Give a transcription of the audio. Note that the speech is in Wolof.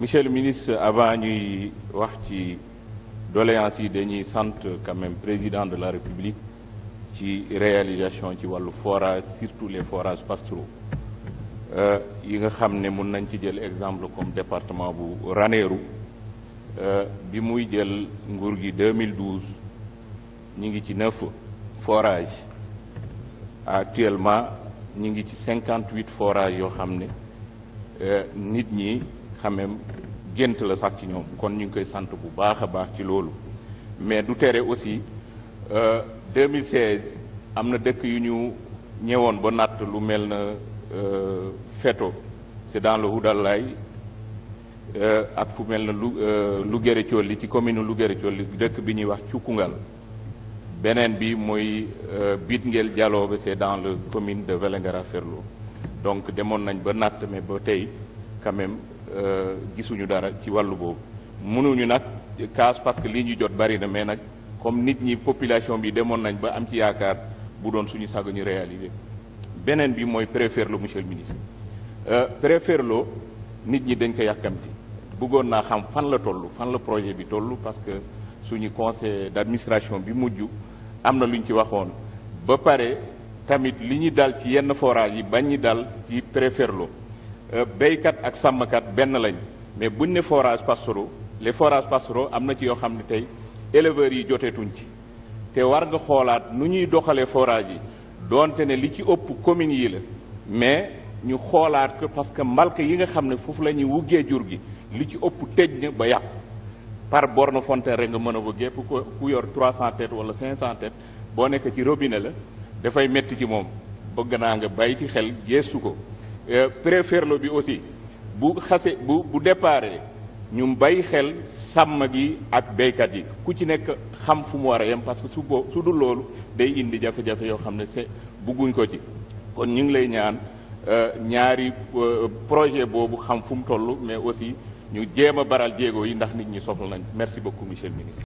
monsieur le ministre avant ñuy wax ci doléances yi dañuy sant quand président de la république ci réalisation ci wàllu forage surtout les forages pastoraux euh, yi nga xam ne mun nañ ci jël exemple comme département bu Ranérou euh, bi muy jël nguur gi 2012 ñu ngi ci neuf forages actuellement ñu ngi ci 58 forages yoo xam ne euh, nit ñi. quand gént la sax ñoom kon ñu ngi koy sant bu baax a baax ci loolu mais du tere aussi 2016 euh, am na dëkk yu ñu ñëwoon ba natt lu mel na euh, Feto c'est dans le Houdalaay euh, ak fu mel na lu gere Thiolly ci commune Louguéré Thiolly dëkk bi ñuy wax Cukkungal beneen bi mooy bit jaloo ba c'est dans le commune de Vélingara Ferlo donc demoon nañ ba natt mais ba tey quand Euh, gisuñu dara ci wàllu boobu mënuñu nag kaas parce que lii ñu jot bari na mais nag comme nit ñi population bi demoon nañ ba am ci yaakaar bu doon suñu sago ñu réaliser beneen bi mooy préfère lo monsieur le ministre euh, préfère nit ñi dañ ko yàkkamti bëggoon naa xam fan la toll fan la projet bi toll parce que suñu conseil d'administration bi mujj am na lu ñu ci waxoon ba pare tamit li ñu dal ci yenn forage yi bañ ñi dal ci préfère Euh, béykat ak sàmmkat benn lañ mais buñ ne forage pastoraux les forages pastoraux am na ci yoo xam ne tey éleveurs yi joteetuñ ci te war nga xoolaat nu ñuy doxalee forage yi doonte ne li ci ëpp communes yi la mais ñu xoolaat ko parce que mbalka yi nga xam ne foofu la ñuy wuggee jur gi li ci ëpp tëj na ba yàqu par borne fontaine rek nga mën a wuggee pour ku yor trois têtes wala 500 têtes boo nekk ci robine la dafay métti ci moom bëgg naa nga bàyyi ci xel geestu ko préferlo euh, bi aussi bu xase bu bu déparé ñu bay xel sàmm gi ak baykat yi ku ci nekk xam fu mu war yam yem parce que su boo su dul loolu day indi jafe-jafe yoo xam ne c'est bugguñ ko ci kon ñu ngi lay ñaan euh, ñaari euh, projet boobu xam fu mu toll mais aussi ñu jéem a baral jéego yi ndax nit ñi soxla nañ merci beaucoup monsieur le ministre